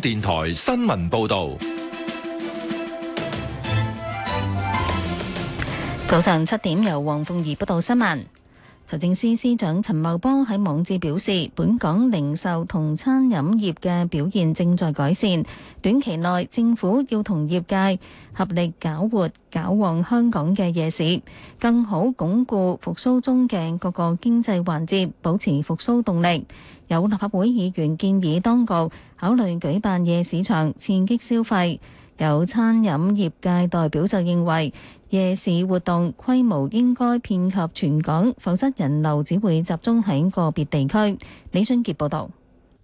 電台新聞報道，早上七點由黃鳳儀報道新聞。財政司司長陳茂波喺網誌表示，本港零售同餐飲業嘅表現正在改善，短期內政府要同業界合力搞活、搞旺香港嘅夜市，更好鞏固復甦中嘅各個經濟環節，保持復甦動力。有立法會議員建議當局考慮舉辦夜市場，刺激消費。有餐飲業界代表就認為，夜市活動規模應該遍及全港，否則人流只會集中喺個別地區。李俊傑報導。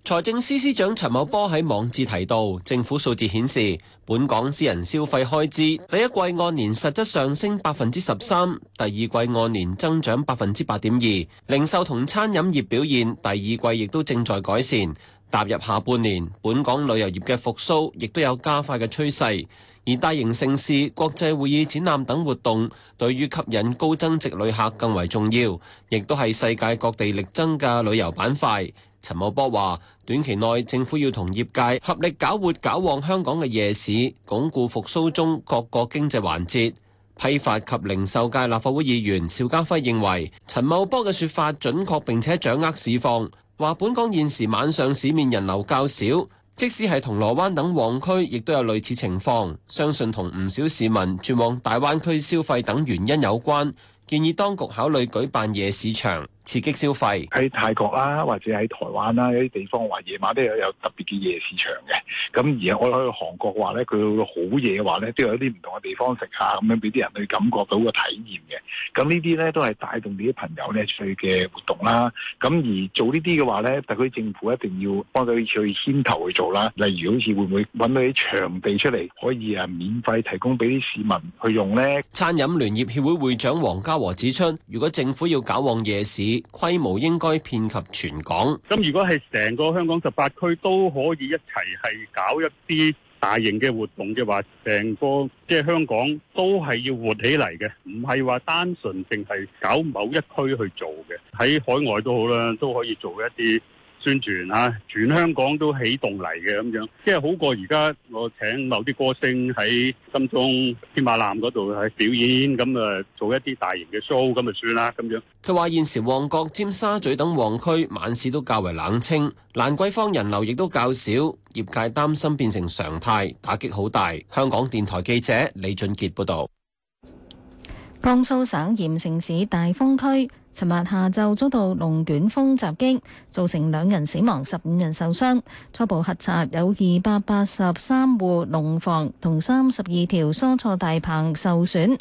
財政司司長陳茂波喺網誌提到，政府數字顯示，本港私人消費開支第一季按年實質上升百分之十三，第二季按年增長百分之八點二。零售同餐飲業表現第二季亦都正在改善。踏入下半年，本港旅遊業嘅復蘇亦都有加快嘅趨勢，而大型盛事、國際會議、展覽等活動對於吸引高增值旅客更為重要，亦都係世界各地力爭嘅旅遊板塊，陳茂波話短期內政府要同業界合力搞活搞旺香港嘅夜市，鞏固復蘇中各個經濟環節。批發及零售界立法會議員邵家輝認為陳茂波嘅說法準確並且掌握市況。話本港現時晚上市面人流較少，即使係銅鑼灣等旺區，亦都有類似情況。相信同唔少市民轉往大灣區消費等原因有關。建議當局考慮舉辦夜市場。刺激消費喺泰國啦，或者喺台灣啦，有啲地方話夜晚都有有特別嘅夜市場嘅。咁而我去韓國話咧，佢好夜話咧，都有啲唔同嘅地方食下，咁樣俾啲人去感覺到個體驗嘅。咁呢啲咧都係帶動你啲朋友咧出去嘅活動啦。咁而做呢啲嘅話咧，特區政府一定要幫佢去牽頭去做啦。例如好似會唔會揾到啲場地出嚟，可以啊免費提供俾啲市民去用咧？餐飲聯業協會會長黃家和指出，如果政府要搞旺夜市，規模應該遍及全港。咁如果係成個香港十八區都可以一齊係搞一啲大型嘅活動嘅話，成個即係、就是、香港都係要活起嚟嘅，唔係話單純淨係搞某一區去做嘅。喺海外都好啦，都可以做一啲。宣傳嚇，全香港都起動嚟嘅咁樣，即係好過而家我請某啲歌星喺金鐘添馬艦嗰度喺表演，咁啊做一啲大型嘅 show，咁就算啦咁樣。佢話現時旺角、尖沙咀等旺區晚市都較為冷清，蘭桂坊人流亦都較少，業界擔心變成常態，打擊好大。香港電台記者李俊傑報導。江蘇省鹽城市大豐區尋日下晝遭到龍捲風襲擊，造成兩人死亡，十五人受傷。初步核查有二百八十三戶農房同三十二條蔬菜大棚受損，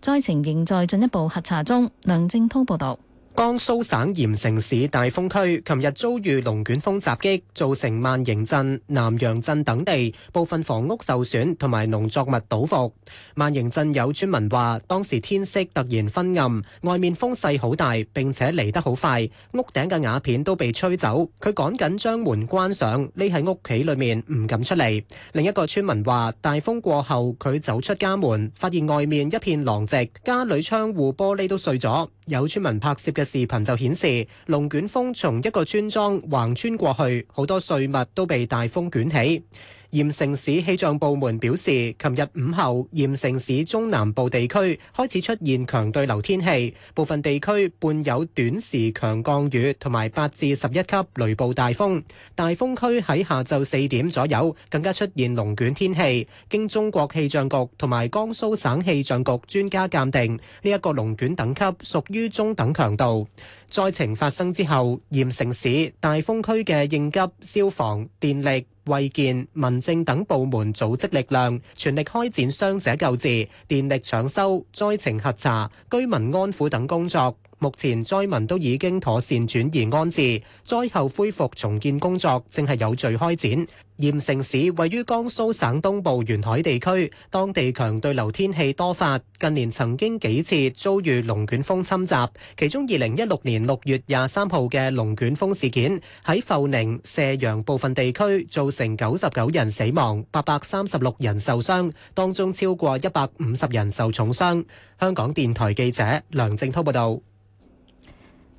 災情仍在進一步核查中。梁正滔報導。江蘇省鹽城市大豐區，琴日遭遇龍捲風襲擊，造成萬盈鎮、南洋鎮等地部分房屋受損同埋農作物倒伏。萬盈鎮有村民話：當時天色突然昏暗，外面風勢好大，並且嚟得好快，屋頂嘅瓦片都被吹走。佢趕緊將門關上，匿喺屋企裏面，唔敢出嚟。另一個村民話：大風過後，佢走出家門，發現外面一片狼藉，家裏窗戶玻璃都碎咗。有村民拍攝嘅。視頻就顯示，龍捲風從一個村莊橫穿過去，好多碎物都被大風捲起。鹽城市氣象部門表示，琴日午後，鹽城市中南部地區開始出現強對流天氣，部分地區伴有短時強降雨同埋八至十一級雷暴大風。大風區喺下晝四點左右，更加出現龍捲天氣。經中國氣象局同埋江蘇省氣象局專家鑒定，呢一個龍捲等級屬於中等強度。災情發生之後，鹽城市大風區嘅應急、消防、電力。衛健民政等部門組織力量，全力開展傷者救治、電力搶修、災情核查、居民安撫等工作。目前災民都已經妥善轉移安置，災後恢復重建工作正係有序開展。鹽城市位於江蘇省東部沿海地區，當地強對流天氣多發，近年曾經幾次遭遇龍捲風侵襲，其中二零一六年六月廿三號嘅龍捲風事件喺阜寧射陽部分地區造成九十九人死亡，八百三十六人受傷，當中超過一百五十人受重傷。香港電台記者梁正滔報道。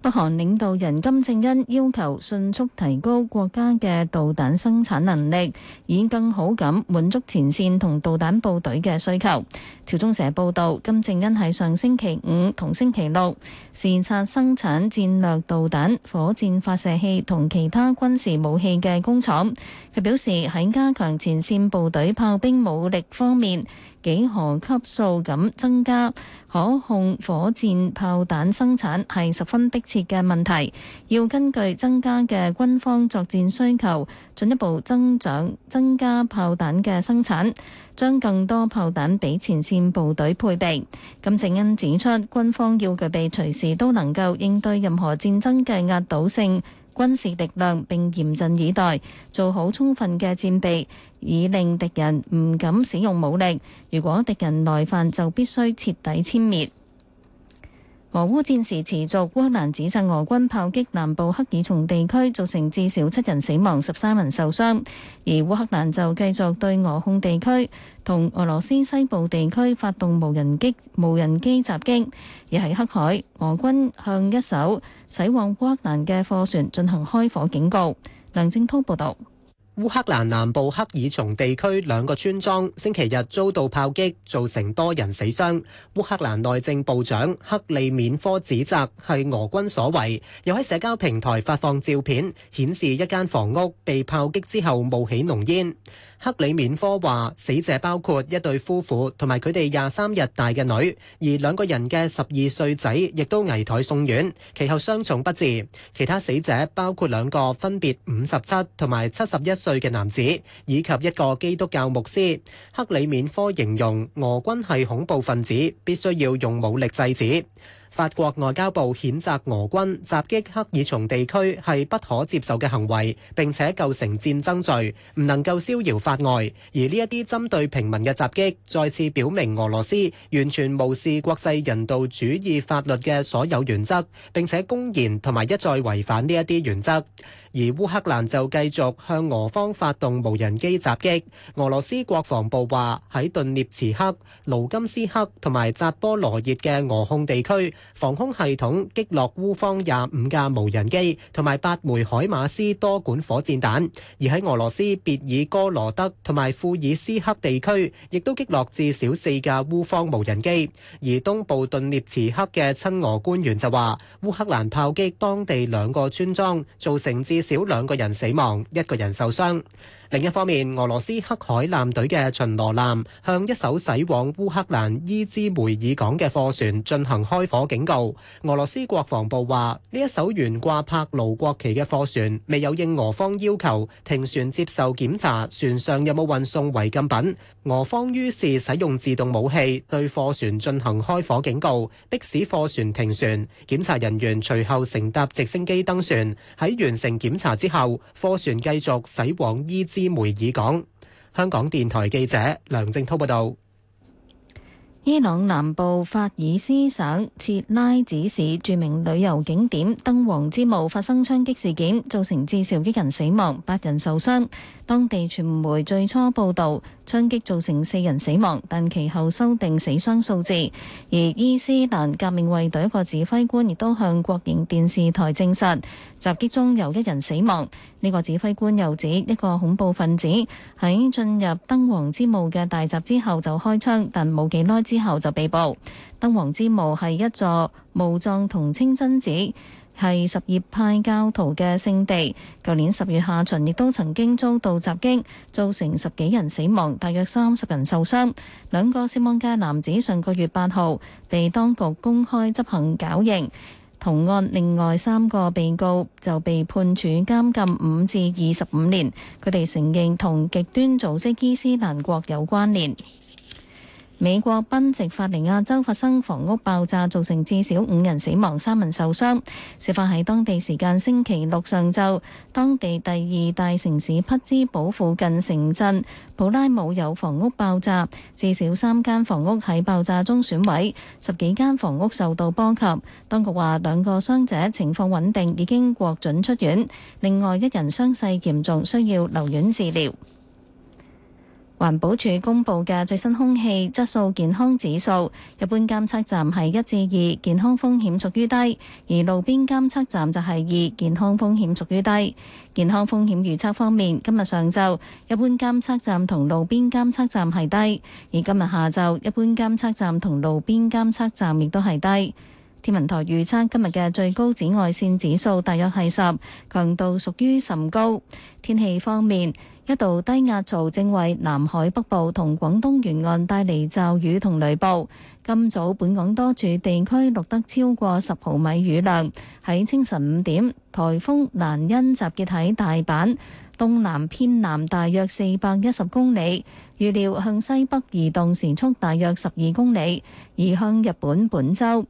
北韓領導人金正恩要求迅速提高國家嘅導彈生產能力，以更好咁滿足前線同導彈部隊嘅需求。朝中社報道，金正恩喺上星期五同星期六視察生產戰略導彈、火箭發射器同其他軍事武器嘅工廠。佢表示喺加強前線部隊炮兵武力方面，幾何級數咁增加可控火箭炮彈生產係十分迫切嘅問題，要根據增加嘅軍方作戰需求，進一步增長增加炮彈嘅生產，將更多炮彈俾前線部隊配備。金正恩指出，軍方要具備隨時都能夠應對任何戰爭嘅壓倒性軍事力量並嚴陣以待，做好充分嘅戰備，以令敵人唔敢使用武力。如果敵人來犯，就必須徹底殲滅。俄烏戰事持續，烏克蘭指責俄軍炮擊南部克爾松地區，造成至少七人死亡、十三人受傷。而烏克蘭就繼續對俄控地區同俄羅斯西部地區發動無人機無人機襲擊。而喺黑海，俄軍向一艘駛往烏克蘭嘅貨船進行開火警告。梁正滔報道。烏克蘭南部克爾松地區兩個村莊星期日遭到炮擊，造成多人死傷。烏克蘭內政部長克利緬科指責係俄軍所為，又喺社交平台發放照片，顯示一間房屋被炮擊之後冒起濃煙。克里緬科話：死者包括一對夫婦同埋佢哋廿三日大嘅女，而兩個人嘅十二歲仔亦都危殆送院，其後傷重不治。其他死者包括兩個分別五十七同埋七十一歲嘅男子，以及一個基督教牧師。克里緬科形容俄軍係恐怖分子，必須要用武力制止。法國外交部譴責俄軍襲擊赫爾松地區係不可接受嘅行為，並且構成戰爭罪，唔能夠逍遙法外。而呢一啲針對平民嘅襲擊，再次表明俄羅斯完全無視國際人道主義法律嘅所有原則，並且公然同埋一再違反呢一啲原則。而烏克蘭就繼續向俄方發動無人機襲擊。俄羅斯國防部話喺頓涅茨克、盧甘斯克同埋扎波羅熱嘅俄控地區，防空系統擊落烏方廿五架無人機同埋八枚海馬斯多管火箭彈，而喺俄羅斯別爾哥羅德同埋庫爾斯克地區，亦都擊落至少四架烏方無人機。而東部頓涅茨克嘅親俄官員就話，烏克蘭炮擊當地兩個村莊，造成至少兩個人死亡，一個人受傷。另一方面，俄羅斯黑海艦隊嘅巡邏艦向一艘駛往烏克蘭伊茲梅爾港嘅貨船進行開火警告。俄羅斯國防部話：呢一艘懸掛帕勞國旗嘅貨船未有應俄方要求停船接受檢查，船上有冇運送違禁品，俄方於是使用自動武器對貨船進行開火警告，迫使貨船停船。檢查人員隨後乘搭直升機登船，喺完成檢查之後，貨船繼續駛往伊茲梅爾港。香港電台記者梁正濤報道：伊朗南部法爾斯省切拉子市著名旅遊景點燈王之墓發生槍擊事件，造成至少一人死亡，八人受傷。當地傳媒最初報道，槍擊造成四人死亡，但其後修訂死傷數字。而伊斯蘭革命衛隊一個指揮官亦都向國營電視台證實，襲擊中有一人死亡。呢、這個指揮官又指，一個恐怖分子喺進入燈王之墓嘅大閘之後就開槍，但冇幾耐之後就被捕。燈王之墓係一座墓葬同清真寺。係什葉派教徒嘅聖地，舊年十月下旬亦都曾經遭到襲擊，造成十幾人死亡，大約三十人受傷。兩個涉案嘅男子上個月八號被當局公開執行絞刑，同案另外三個被告就被判處監禁五至二十五年。佢哋承認同極端組織伊斯蘭國有關聯。美國賓夕法尼亞州發生房屋爆炸，造成至少五人死亡、三人受傷。事發喺當地時間星期六上晝，當地第二大城市匹茲堡附近城鎮普拉姆有房屋爆炸，至少三間房屋喺爆炸中損毀，十幾間房屋受到波及。當局話，兩個傷者情況穩定，已經獲准出院，另外一人傷勢嚴重，需要留院治療。環保署公布嘅最新空氣質素健康指數，一般監測站係一至二，健康風險屬於低；而路邊監測站就係二，健康風險屬於低。健康風險預測方面，今日上晝一般監測站同路邊監測站係低，而今日下晝一般監測站同路邊監測站亦都係低。天文台預測今日嘅最高紫外線指數大約係十，強度屬於甚高。天氣方面，一道低壓槽正為南海北部同廣東沿岸帶嚟驟雨同雷暴。今早本港多處地區錄得超過十毫米雨量。喺清晨五點，颱風蘭恩集結喺大阪東南偏南大約四百一十公里，預料向西北移動，時速大約十二公里，移向日本本州。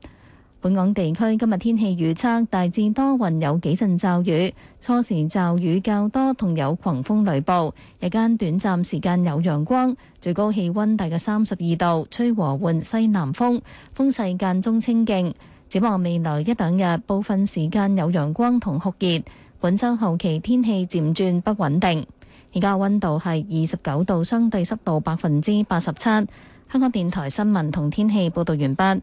本港地區今日天氣預測，大致多雲有幾陣驟雨，初時驟雨較多，同有狂風雷暴。日間短暫時間有陽光，最高氣溫大約三十二度，吹和緩西南風，風勢間中清勁，展望未來一兩日，部分時間有陽光同酷熱，本周後期天氣漸轉不穩定。而家溫度係二十九度，相對濕度百分之八十七。香港電台新聞同天氣報道完畢。